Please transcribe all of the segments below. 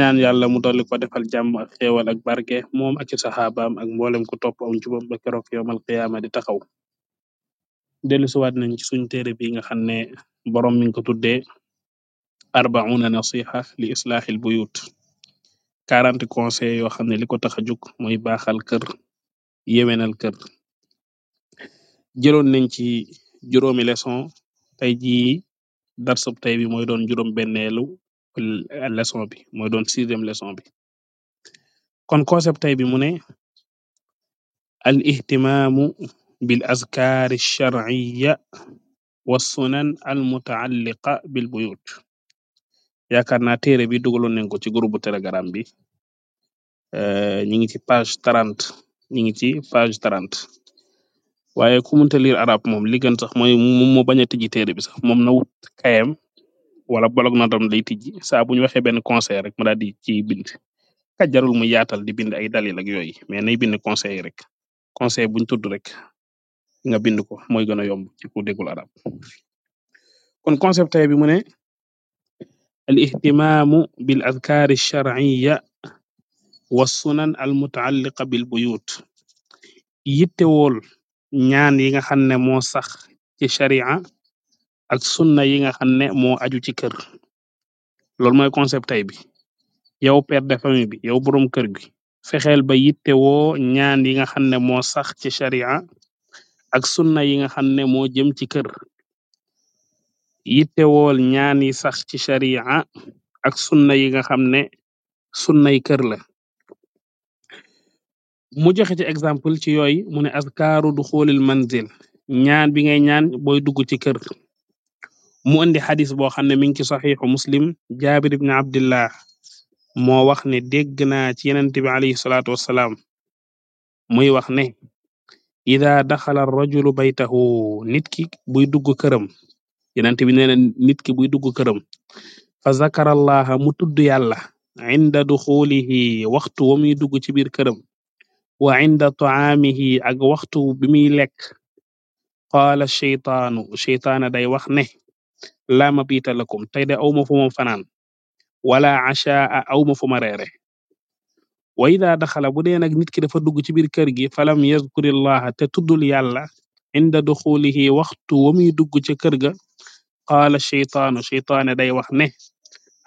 ñaan yàlla mu dolli ko defal jàmm ak xéewal ak barke moom ak ci saxaabaam ak mboolem ku topp aw njubam ba keroog yowmal qiyaama di taxaw dellusiwaat nañ ci suñ téere bi nga xam ne boroom mi ngi ko tuddee arbauna nasiha li islaaxil buyut quarante conseil yoo xam ne li ko tax a jug mooy baaxal kër yewenal kër jëloon nañ ci juróomi leçon tey jii darsub tey bi mooy doon juróom leçon bi mooy doon sixième leçon bi kon concept bi mu ne al ihtimaamu bil azkaari shar'iyya wa sunan al mutaalliqa bil buyut yaakaar naa téere bi dugaloon nañ ko ci groupe telegram bi euh, ñu ngi ci page trente ñu ngi ci page trente waaye ku munta lire arab moom sax mooy moom moo bañ a tijji bi sax moom na wut kayam. wala bolog notam lay tijji saa bu ñu waxee benn conseil rek mu daal ci bind kat jarul mu yaatal di bind ay dalil ak yooyu mais nay bind conseil rek conseil buñ tudd rek nga bind ko mooy gën a yomb ci ku déggul arab kon concept bi mu ne al ihtimaamu bil adkaar ash-shar'iyya wa sunan al mutaalliqa bil buyut yittewool ñaan yi nga xam ne moo sax ci sharia ak sunna yi nga xam ne moo aju ci kër loolu mooy concept bi yow père de famille bi yow boroom kër gi fexeel ba yitte woo ñaan yi nga xam ne moo sax ci sharia ak sunna yi nga xam ne moo jëm ci kër yitte wool ñaan yi sax ci sharia ak sunna yi nga xam ne sunnay kër la mu joxe ci exemple ci yooyu mu ne askaaru duxulil manzil ñaan bi ngay ñaan booy dugg ci kër mu indi xadis boo xam ne mi ngi ci saxiixu muslim jaabir ibn abdillah moo wax ne dégg naa ci yenente bi alayhi salaatu wassalaam muy wax ne ida daxala rajulu baytahu nit ki buy dugg këram yenente bi nee na nit ki buy dugg këram fa zakara allaha mu tudd yàlla inda duxulihi waxtu wa muy dugg ci biir këram wa inda taamihi ak waxtu bi muy lekk qaala sheytaanu sheytaana day wax ne laa mabita lakum tey de awma fu ma fanaan wala achaa awma fu ma reere wa ida daxala bu dee nag nit ki dafa dugg ci biir kër gi falam yazkurillaha te tuddul yàlla inda duxulihi waxtu wa muy dugg ca kër ga qaala sheytaanu sheytaane day wax ne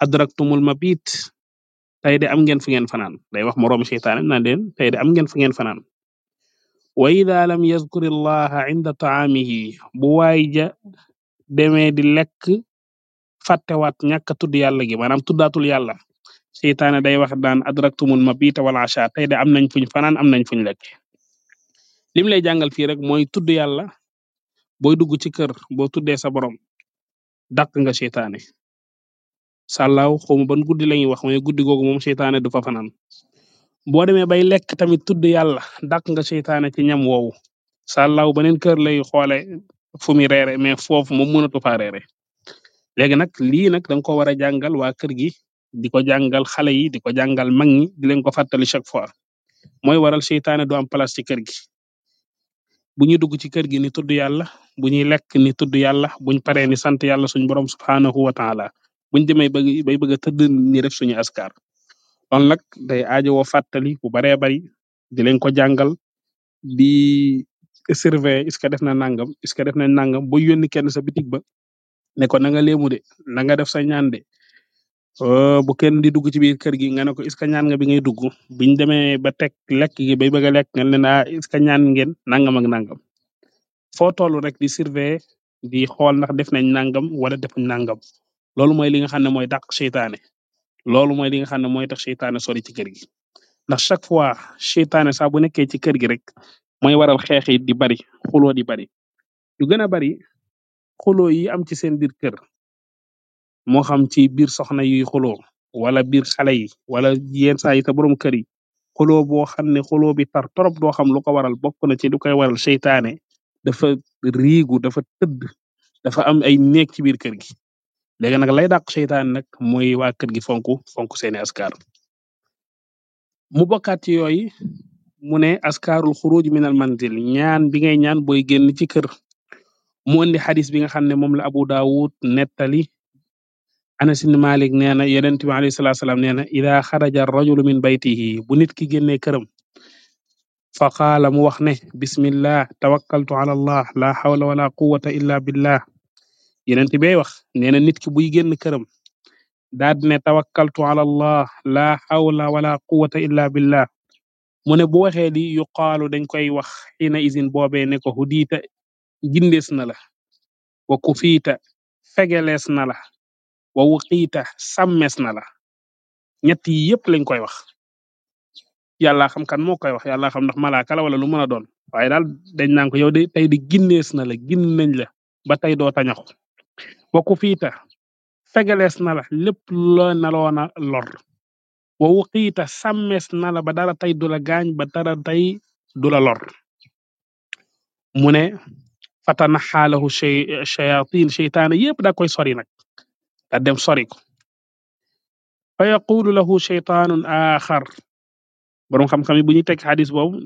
adraktumul mabit tey de am ngeen fu ngeen fanaan day wax moroom sheytaane naan leen tey am ngeen fu ngeen fanaan wa ida lam yazkurillaha inda taamihi bu waay demee di lekk fàttewaat ñàkka tudd yàlla gi maanaam tuddaatul yàlla seytaane day wax daan adraktumul mabita wal asha tey de am nañ fuñ fanaan am nañ fuñ lekk lim lay jàngal fii rek mooy tudd yàlla booy dugg ci kër boo tuddee sa borom dàq nga seytaane sàllaaw xawma ban guddi lañuy wax mooy guddi googu moom seytaane du fa fanaan boo bay lekk tamit tudd yàlla dàq nga seytaane ci ñam woowu sàllaaw beneen kër lay xoole fu muy reere mais foofu moom mënatu faa reere léegi nag lii nag da nga ko war a jàngal waa kër gi di ko jàngal xale yi di ko jàngal mag ñi di leen ko fàttali chaque fois mooy waral seytaane du am place ci kër gi bu ñuy dugg ci kër gi ni tudd yàlla bu ñuy lekk ni tudd yàlla buñ paree ni sant yàlla suñu borom subhaanahu wa taala buñ demee bay bay bëgg a tëdd ni ref suñu askar loolu nag day aajowoo fàttali bu baree bari di leen ko jàngal surveiller est ce que def na nangam est ce que def na nangam bu yónni kenn sa bitig ba ne ko na nga léemu de na nga def sa ñaan de oh, bu kenn di dugg ci biir kër gi nga ne ko est ce que ñaan nga bi ngay dugg biñ demee ba teg lekk gi bay bëgg a lekk nga ne naa est ce ñaan ngeen nangam ak nangam foo toll rek di surveiller di xool ndax def nañ nangam wala defuñ nangam loolu mooy li nga xam ne mooy dàq seytaane loolu mooy li nga xam ne mooy tax seytaane sori ci kër gi ndax chaque fois seytaane saa bu nekkee ci kër gi rek mooy waral xeex yi di bari xuloo di bari lu gën a bari xuloo yi am ci seen biir kër moo xam ci biir soxna yuy xuloo wala biir xale yi wala yenn saa yi te boroom kër yi xuloo boo xam ne xuloo bi tar torop doo xam lu ko waral bokk na ci lu koy waral seytaane dafa riigu dafa tëdd dafa am ay néeg ci biir kër gi léegi nag lay dàq seytaane nag mooy waa kër gi fonk fonk seeni askar mu bokkaat mu ne askaarul xuruj minal manzil ñaan bi ngay ñaan booy génn ci kër mu indi xadis bi nga xam ne moom la Abu Dawud nettali Anas Malik nee na yonent bi alayhi salaatu nee na ida xaraja rajulu min baytihi bu nit ki génnee këram fa mu wax ne bismillah tawakkaltu ala allah la hawla wala quwwata illa billah yonent bi wax nee nit ki buy génn këram daad ne tawakkaltu la hawla wala quwwata illa billah mu ne bu waxee li dañ koy wax xiina isin boobee ne ko hudiita gindees na la wa kufiita fegelees na la wa wuqiita sàmmees na la ñett yi lañ koy wax yàlla xam kan moo koy wax yàlla xam ndax malaaka la wala lu mën a doon waaye daal dañ naan yow de tey di ginnees na la ginn la ba tey doo tañaxu wa kufiita fegelees na la lépp loo lor wa wuqiita sàmmees na la ba dara tey du la gaañ ba dara tey du la lor mu ne fatana xaalahu shayatin sheytaane yépp da koy sori nag da dem sori ko fa yaqulu lahu sheytaanun axar boroom xam-xam yi bu ñuy teg xadis boobu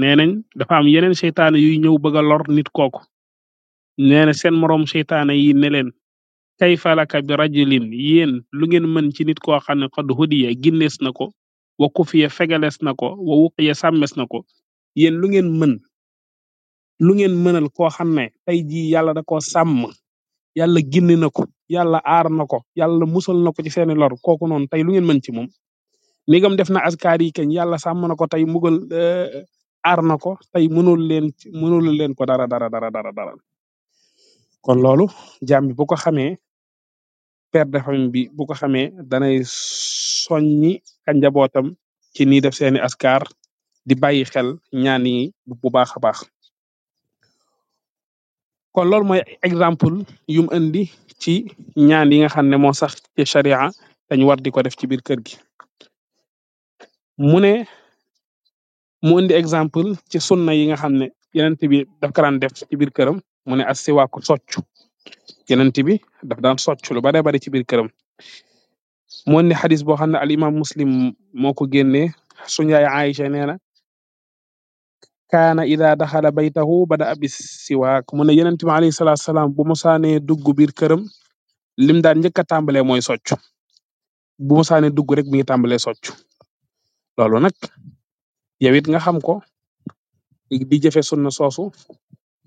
nee nañ dafa am yeneen sheytaane yuy ñëw bëgg a lor nit kooku nee na seen moroom sheytaane yi ne leen kayfa laka bi rajulin yéen lu ngeen mën ci nit koo xam ne xod hudiya ginnees na ko wa kufiya fegalees na ko wa wuqiya sàmmees na ko yéen lu ngeen mën lu ngeen mënal koo xam ne tey jii yàlla da koo sàmm yàlla ginne na ko yàlla aar na ko yàlla musal na ko ci seeni lor kooku noonu tey lu ngeen mën ci moom nigam def na askaar yi kañ yàlla sàmm na ko tey mugal eh, aar na ko tey mënul leen mënul leen ko dara dara dara dara dara kon loolu jaam bi bu per de famille bi bu ko xamee danay soññi ni njabootam ci ni def seeni askar di bàyyi xel ñaan bu baax a baax kon lool mooy exemple yum indi ci ñaan yi nga xam ne moo sax ci sharia dañu war di ko def ci biir kër gi mu ne mu indi exemple ci sunna yi nga xam ne yenent bi daf karaan def ci biir këram mu ne as siwaaku soccu. yonent bi daf daan socc lu bare bari ci biir këram moo ne xadis boo xam ne al imam muslim moo ko génnee suñu yaay Aïcha nee na kaana ida daxala baytahu bada abis siwaak mu ne yonent bi alayhi salaatu salaam bu mosaanee dugg biir këram lim daan njëkk a tàmbalee mooy socc bu mosaanee dugg rek mi ngi tàmbalee socc loolu nag yow it nga xam ko di jëfe sunna soosu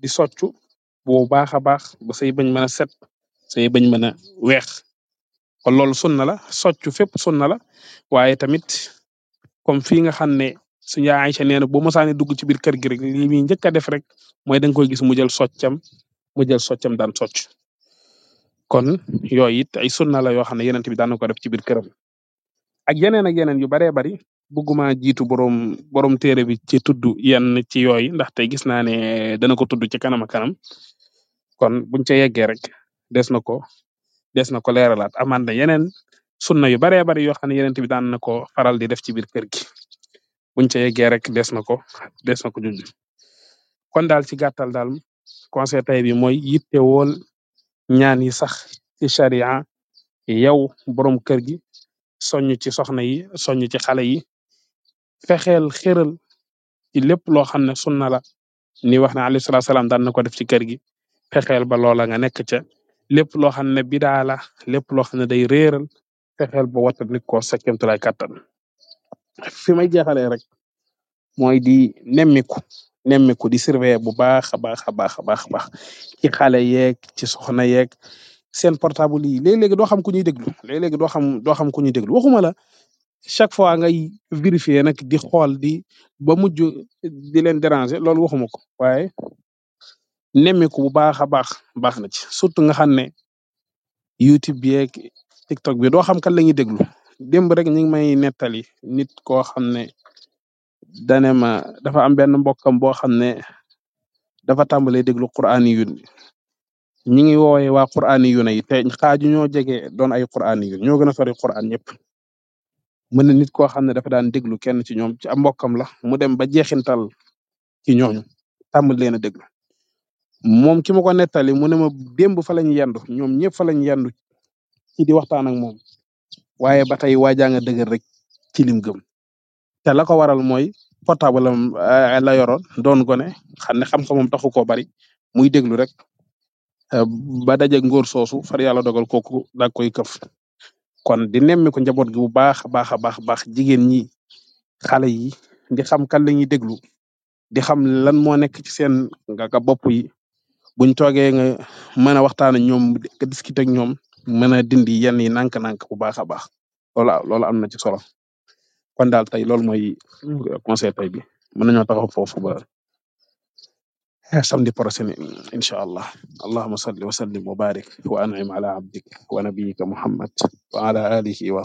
di soccu bu baaxa baax ba say bañ mëna set say bañ mëna weex kon loolu sunna la soccu fépp sunna la waaye tamit comme fi nga xam ne suñu yaay Aysa nee na bu mosaani dugg ci biir kër gi rek li muy njëkk a def rek mooy danga koy gis mu jël soccam mu jël soccam daan socc kon yooyu it ay sunna la yoo xam ne yeneen bi daan na ko def ci biir këram ak bari bëgguma jiitu borom borom téere bi ci tudd yenn ci yooyu ndaxte gis naa ne dana ko tudd ci kanam a kanam kon buñ ca yeggee rek des na ko des na ko leeralaat amaan na yeneen sunna yu baree bari yoo xam ne yeneen bi daan na ko faral di def ci biir kër gi buñ ca yeggee rek des na ko na ko junj kon daal ci gàttal daal conseil tay bi mooy yittewool ñaan yi sax ci sharia yow borom kër gi soññ ci soxna yi soññ ci xale yi fexeel xëral ci lépp loo xam ne sunna la ni wax na alayhi salaatu salaam daan na ko def ci kër gi fexeel ba loola nga nekk ca lépp loo xam ne bidaa la lépp loo xam ne day réeral fexeel ba watat nit ko sa kàttan fi may jeexalee rek mooy di nemmiku nemmiku di surveiller bu baax a baax a baax a baax a baax ci xale yeeg ci soxna yeeg seen portable yi léeg-léeg doo xam ku ñuy déglu léeg-léeg doo xam doo xam ku ñuy déglu waxuma la chaque fois ngay vérifier nag di xool di ba mujj di leen déranger loolu waxuma ko waaye nemmeeku bu baax a baax baax na ci surtout nga xam ne YouTube bi ak TikTok bi doo xam kan la ñuy déglu démb rek ñu ngi may nettali nit koo xam ne dane ma dafa am benn mbokkam boo xam ne dafa tàmbalee déglu qur'aani yun ñi ngi woowee waa qur'aani yuna yi te xaaju ñoo jege doon ay qur'aani yun ñoo gën a sori qur'aan ñëpp mën na nit koo xam ne dafa daan déglu kenn ci ñoom ci am mbokkam la mu dem ba jeexintal ci ñooñu tàmm leen a déglu moom ki ma ko nettali mu ne ma démb fa lañ yendu ñoom ñëpp fa lañ yendu ci di waxtaan ak moom waaye ba tey waajaa nga dëgër rek ci lim gëm la ko waral mooy portable am eh, la yoroon doon gone xam ne xam-xamam taxu koo bari muy déglu rek eh, ba daje ngóor soosu far yàlla dogal kooku da koy këf kon di nemmiku njaboot gi bu baax a baax a baax baax jigéen ñi xale yi di xam kan lañuy déglu di xam lan moo nekk ci seen nga ka bopp yi buñ toogee nga mën a waxtaan ak ñoom nga ñoom mën a dindi yenn yi nank-nank bu baax a baax loolu loolu am na ci solo kon daal tey loolu mooy mm. conseil tey bi mën nañoo taxaw foofu ba. samedi prochain insha Allah allahuma salli wa sallim wa barik wa anim ala abdik Muhammad wa ala alihi wa